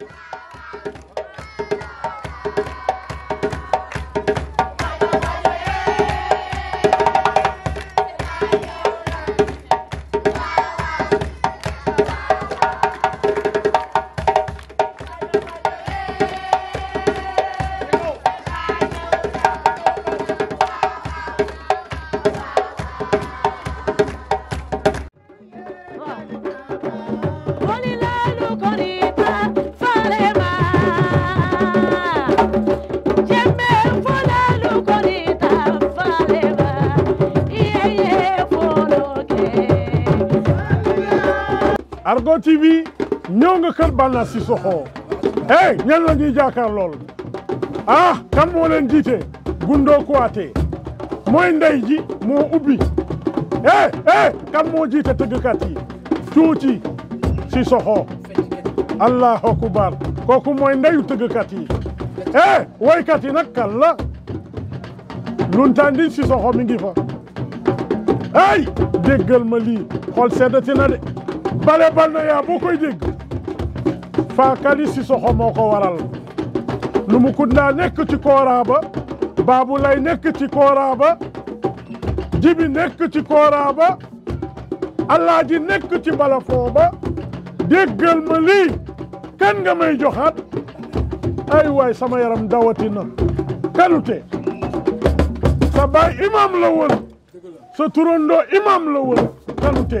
you Argo TV ñëw nga kër Balna Sissoko hey ñan la ñuy jaakaar lool ah kan jiite Gundo Kouaté mooy ji moo ubbi hey hey kan moo jiite tëggkat yi tuuti Sissoko allahu akbar kooku mooy ndeyu tëggkat yi hey woykat yi nag kan la Luntanding Sissoko mi ngi fa hey déggal ma lii xol seddatina de bale bal na yaa boo koy dégg si soxo moo ko waral lu mu nekk ci kooraa ba baabu lay nekk ci kooraa ba jibi nekk ci kooraa alaaji nekk ci balafoo ba déggal ma lii kan nga may joxaat ay waay sama dawatina kanute sa baay imam la woon sa turandoo imam la woon kanute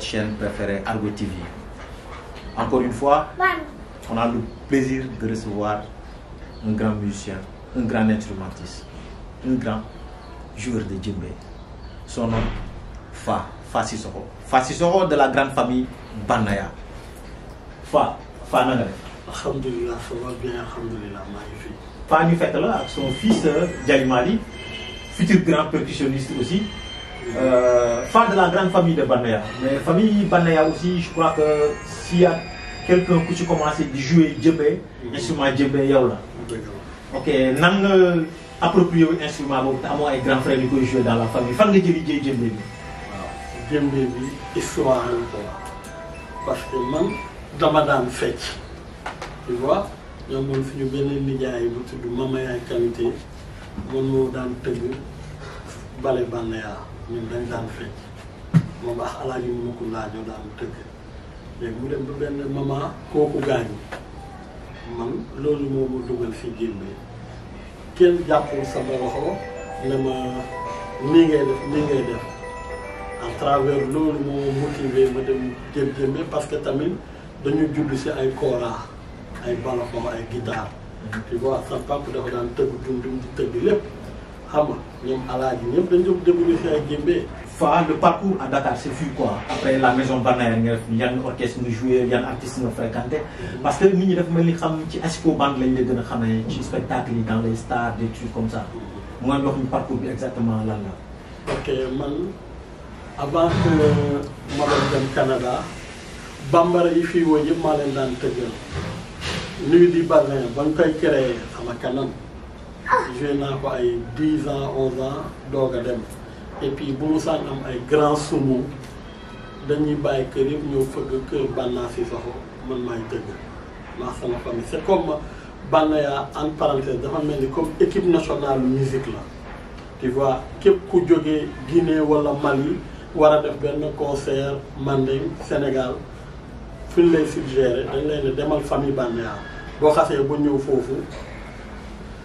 chaîne préférée Argo TV. Encore une fois, on a le plaisir de recevoir un grand musicien, un grand instrumentiste, un grand joueur de djembe Son nom, Fa, Fa Sissoro. Fa de la grande famille Banaya. Fa, Fa Nagare. Alhamdulillah, bien, Fa nous là avec son fils euh, mali futur grand percussionniste aussi euh, fan de la grande famille de Banaya, Mais famille Banaya aussi, je crois que s'il y a quelqu'un qui commence à jouer djembé, mhm. instrument djembé, yaw là. Ok, nan approprié instrument boobu notamment et grand frère qui joue dans la famille fan de jëli jëy djembé djembé histoire parce que maman, dans daan fête. tu vois. ñoom fait une belle nijaay bu tudd Mama Yaay qualité, moom de ma tëgg. bale bànneex ñun dañ daan fecc moom ak alaaji mënu ko laajoo daan tëgg léegi mu dem ba benn maman kooku gaañu man loolu moo ma dugal fi génn bi kenn jàppul sama loxo ne ma nii ngay def nii ngay def à travers loolu moo motivé ma dem jëm-jëmee parce que tamit dañu judd si ay kora ay balafon ay guitare tu vois sa papa dafa daan tëgg dundum tëgg lépp le parcours à Dakar c'est quoi après la maison il y a orchestre y a un artiste nous fréquenté. parce que nous ñi dafa a ci spectacle dans les stars des trucs comme ça Moi, ndox un parcours exactement là là ok man avant que ma doon au Canada bambara yi je woo yëpp Nous, di je n'ai pas ay dix ans onze ans doog a dem et puis bu mu saan am ay grand sumu dañuy bàyyi kër yëpp ñëw fëgg kër Banna Cissokho man maay tëgg maa sama famille c'est comme banaya en parenthèse dafa mel ni comme équipe nationale musique la tu vois képp ku jógee Guinée wala Mali war a def benn concert Mandeng Sénégal fi ñu lay suggéré dañ lay ne demal famille banaya yaa boo xasee ba ñëw foofu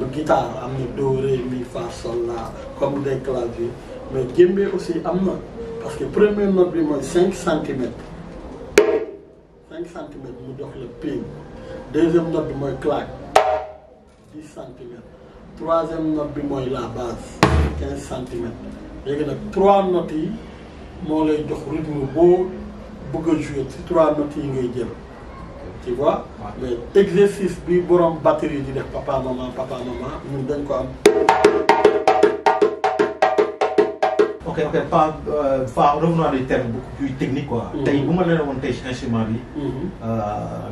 la guitare, am dorée, do, ré, mi, fa, sol, la, comme des claviers. Mais le aussi, am Parce que le premier note, il 5 cm. 5 cm, il me le ping. Deuxième note, il claque. 10 cm. Troisième note, il la base. 15 cm. il y a trois notes, il me le rythme beau, beaucoup jouer. Trois notes, tu vois mais exercice bi borom batterie papa maman papa maman ko ok ok pas euh, pas revenons à des termes beaucoup plus techniques quoi. Mhm. Mhm. Euh,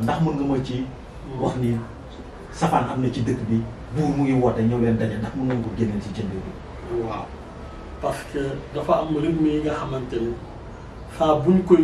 ndax nga ma ci mhm. wax ni ci bi ngi leen ndax ci waaw parce que dafa am rythme nga buñ koy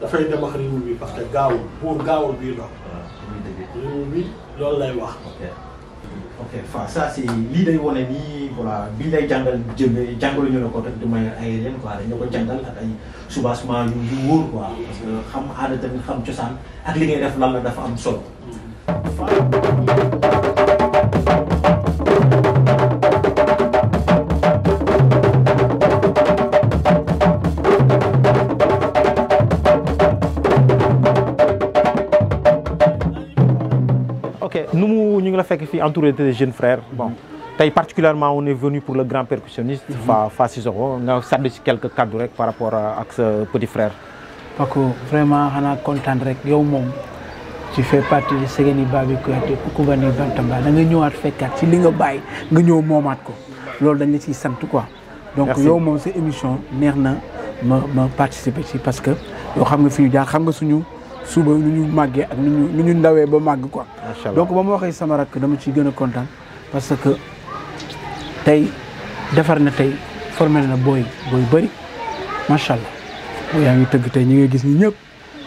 dafay dem ak réew mi parce que gaawul pour gaawul bi do ah, réew mi lol lay wax. ok fa ça c'est li day woné ni voilà bi lay jàngal jëmee jàngaluñu la ko rek de manière aérienne quoi dañ ko jangal ak ay soubassement yu yu wóor quoi parce que xam aada tamit xam cosaan ak li ngay def lan la dafa am solo. Hmm. Fa, fekk fii entouré de jeunes frères bon mm. tey particulièrement on est venu pour le grand percussionniste mm-hmm. Fa Fa Cissokho nga sàddu si quelques kaddu rek par rapport ak sa petit frère Paco vraiment xanaa kontaan rek yow moom tu fais partie de Segeni Babi Kouyaté Koukoubani Bantamba da nga ñëwaat fekkaat ci li nga bàyyi nga ñëw moomaat ko loolu dañ la ciy sant quoi donc yow moom sa émission neex na ma ma participer parce que yoo xam nga fi ñu jaar xam nga suñu suba nu ñu màggee ak nu ñu nu ñu ndawee ba màgg quoi. donc ba ma waxee sama rakk dama ciy gën a kontaan parce que tey defar na tey formel na booy booy bëri macha allah. yaa ngi tëgg tey ñi nga gis ñi ñëpp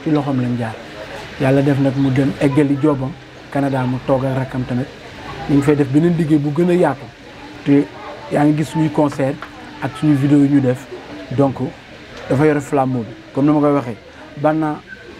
ci loxoom lañ jaar yàlla def nag mu dem eggali joobam Canada mu toog ak rakkam tamit ñu ngi fay def beneen liggéey bu gën a yaatu te yaa ngi gis suñuy concert ak suñu vidéo yi ñu def donc dafa yore flambeau bi comme ni ma koy waxee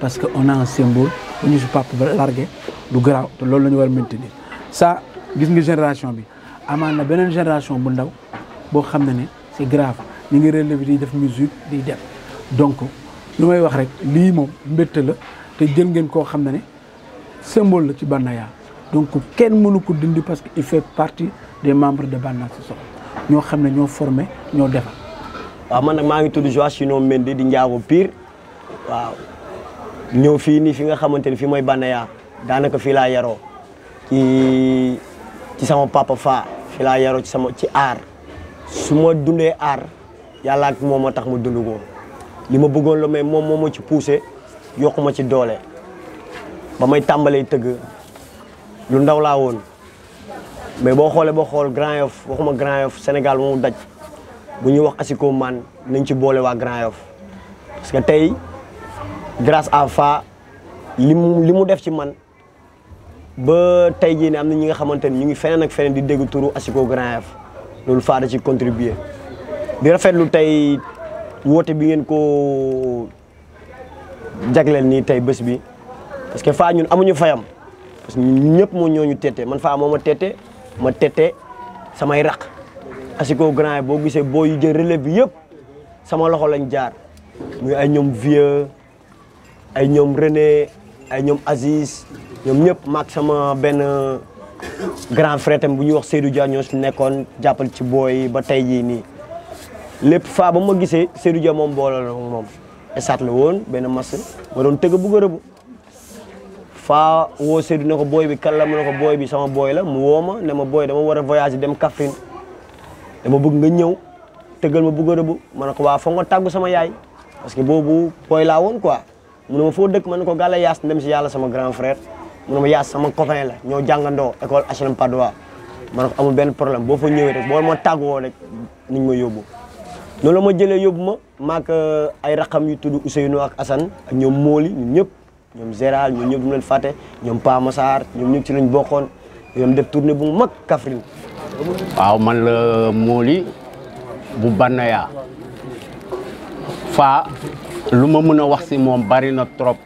parce qu'on a un symbole on ñu si papa largué du garaaw te loolu la ñu war maintenir ça gis nga génération bi amaan na génération bu ndaw boo xam c'est grave ñu ngi relevé di def musique di def donc lu may wax rek lii moom mbégte la te jël ngeen koo xam symbole la ci Banaya donc kenn mënu ko dindi parce que il fait partie des membres de Banaya Sissokho ñoo xam ne ñoo formé ñoo defar. waaw man nag maa ngi tudd Joachim Mendy di Ndiago Pire waaw. ñëw fii nii fi nga xamante ni fii mooy yaa daanaka fii laa yaroo ci ci sama papa fa fii laa yaroo ci sama ci aar su ma dundee aar yàlla moom moo tax ma dund li ma buggoon la mais moom moo ma ci poussé yokku ma ci doole ba may tàmbalee tëgg lu ndaw laa woon mais boo xoolee boo xool Grand Yoff waxuma Grand Yoff Sénégal moomu daj bu ñuy wax asiko man nañ ci boole waa Grand Yoff parce que tey grâce à fa limu limu def ci man ba tay jii ne ñi nga ngi fenen ak fenen di dégg turu Asiko Grand f loolu fa da ci contribuer di rafetlu tay wote bi ngeen ko jaglel ni tay bés bi parce que fa ñun amuñu fayam parce que ñepp mo ñoñu tete man fa moo ma tete ma tete samay raq Asiko Grand bo gisé gisee yu jël relève bi sama loxo lañ jaar muy ay ñom vieux ay ñoom René ay ñoom Aziz ñoom ñëpp maag sama benn grand frère tam bu ñu wax Seydou Dia ñoo si nekkoon jàppal ci booy ba tey jii nii lépp faa ba ma gisee Seydou Dia moom boole la moom esaat la woon benn mas ma doon tëgg bu gërëbu faa woo Seydou ne ko booy bi kan la mu ne ko booy bi booy la mu woo ma ne ma booy dama war a voyage dem Kaffrine dama bëgg nga ñëw tëggal ma bu ma ne ko waa foog nga tàggu sama yaay parce que boobu booy laa woon quoi mu ne ma foo dëkk ma ne ko gàlla yaas dem si yàlla sama grand frère mu ne ma yaas sama copain la ñoo jàngandoo école a H&M Padoa ma ne ko amul benn problème boo fa ñëwee rek boo ma tàggoo rek niñ ma yóbbu noonu la ma jëlee yóbbu ma maak euh, ay raxam yu tudd Ousseynou ak Assane ak ñoom Moli ñun ñëpp ñoom Gérald ñoom ñëpp ñu fàtte ñoom Pa Massar ñoom ñëpp si lañ bokkoon ñoom def tournée bu mag kafrin waaw man la Moli bu Banaya fa luma ma wax dah mom bari na trop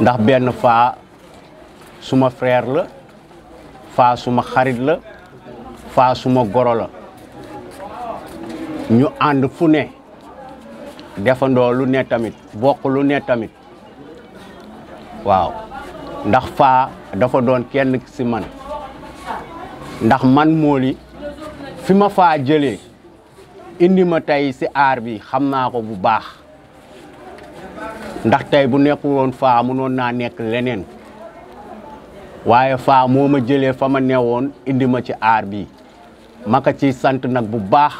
ndax ben fa suma frère la fa suma xarit la fa suma goro la ñu and fu ne defando lu ne tamit bokk lu ne tamit waaw ndax fa dafa doon kenn ci man ndax man moli fima fa indi ma tey si aar bi xam naa ko bu baax ndax tey bu nekkul woon faa mënoon naa nekk leneen waaye faa moo ma jëlee fa ma newoon indi ma ci aar bi ma ko ci sant nag bu baax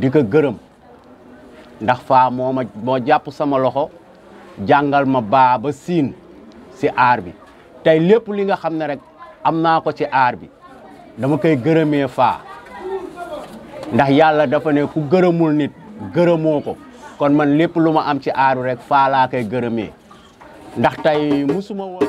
di ko gërëm ndax faa moo ma moo jàpp sama loxo jàngal ma baa ba siin si aar bi tey lépp li nga xam ne rek am naa ko ci aar bi dama koy gërëmee faa ndax yàlla dafa ne ku gërëmul nit gërëmoo ko kon man lépp lu ma am ci aaru rek falaa laa koy gërëmee ndax tey musuma woon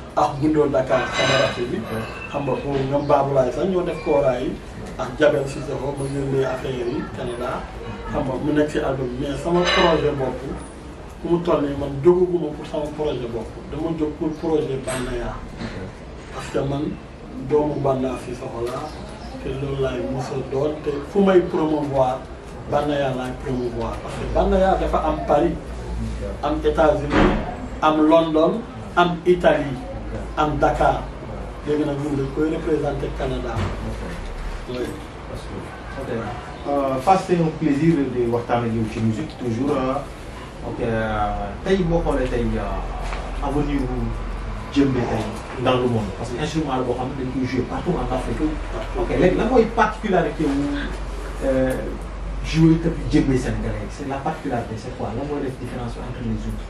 ak Gundo Dakar camarade bi. xam nga foofu ñoom Babulaay sax ñoo def kooraay ak Jabel Cissé ko ba yónnee affaire yi Canada. xam nga mu nekk si album mais sama projet bopp ku mu toll nii man jógaguma pour sama projet bopp dama jóg pour projet Banaya. parce que man doomu Banaya fi soxla te loolu laay mos a doon te fu may promouvoir Banaya laay promouvoir parce que Banaya dafa am Paris. am États-Unis am London am Italie. am Dakar. léegi nag ñun dañ koy le Canada. oui. Parce Fass euh, c'est un plaisir de waxtaan ak yow ci musique toujours hein. ok euh, tey boo xoolee tey euh, avenir bu jëmbe tey dans le monde parce que instrument la boo xam ne dañ koy jouer partout en Afrique. ok léegi lan mooy particularité wu jouer këpp jëmbe sénégalais c'est la particularité c'est quoi la mooy def différence entre les autres.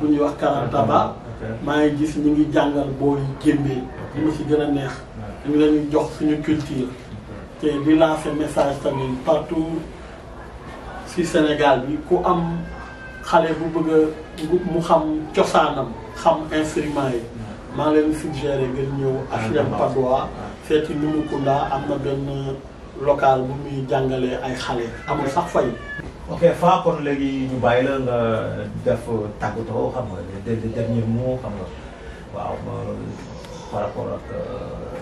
bu ñuy wax karantaba maa ngi gis ñu ngi jàngal booy génnee li ma si gën a neex dañu lañuy jox suñu culture te di lancer message tamit partout si Sénégal bi ku am xale bu bëgg a mu xam cosaanam xam instrument yi maa ngi leen suggéré ngeen ñëw HLM Patte d'Oie seeti Numukunda am na benn local bu muy jàngalee ay xale amul sax fay ok faa kon léegi ñu bàyyi la nga def tàggatoo xam nga des derniers mots xam nga waaw par rapport ak euh,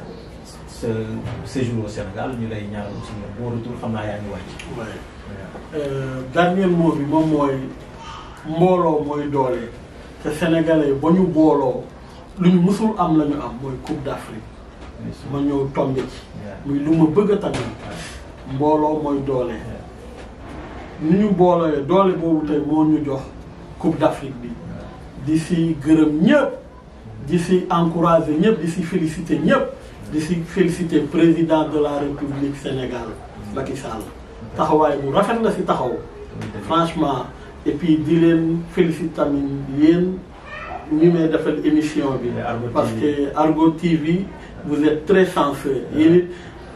sa séjour au Sénégal ñu lay ñaanal aussi boo retour xam naa yaa ngi wàcc. Euh, dernier mot bi moom mooy mbooloo mooy doole te sénégalais ba ñu booloo lu ñu mësul am la ñu am mooy Coupe d'Afrique ma ñëw tombe ci muy lu ma bëgg a tàggat mbooloo mooy doole. nous ñu boolewee doole boobu tey ñu Coupe d'Afrique bi di d'ici gërëm encourager ñëpp di féliciter ñëpp di féliciter féliciter président de la République Sénégal Macky Sall bu rafet la taxaw franchement et puis di leen féliciter tamit yéen ñu may émission parce que Argo TV vous êtes très chanceux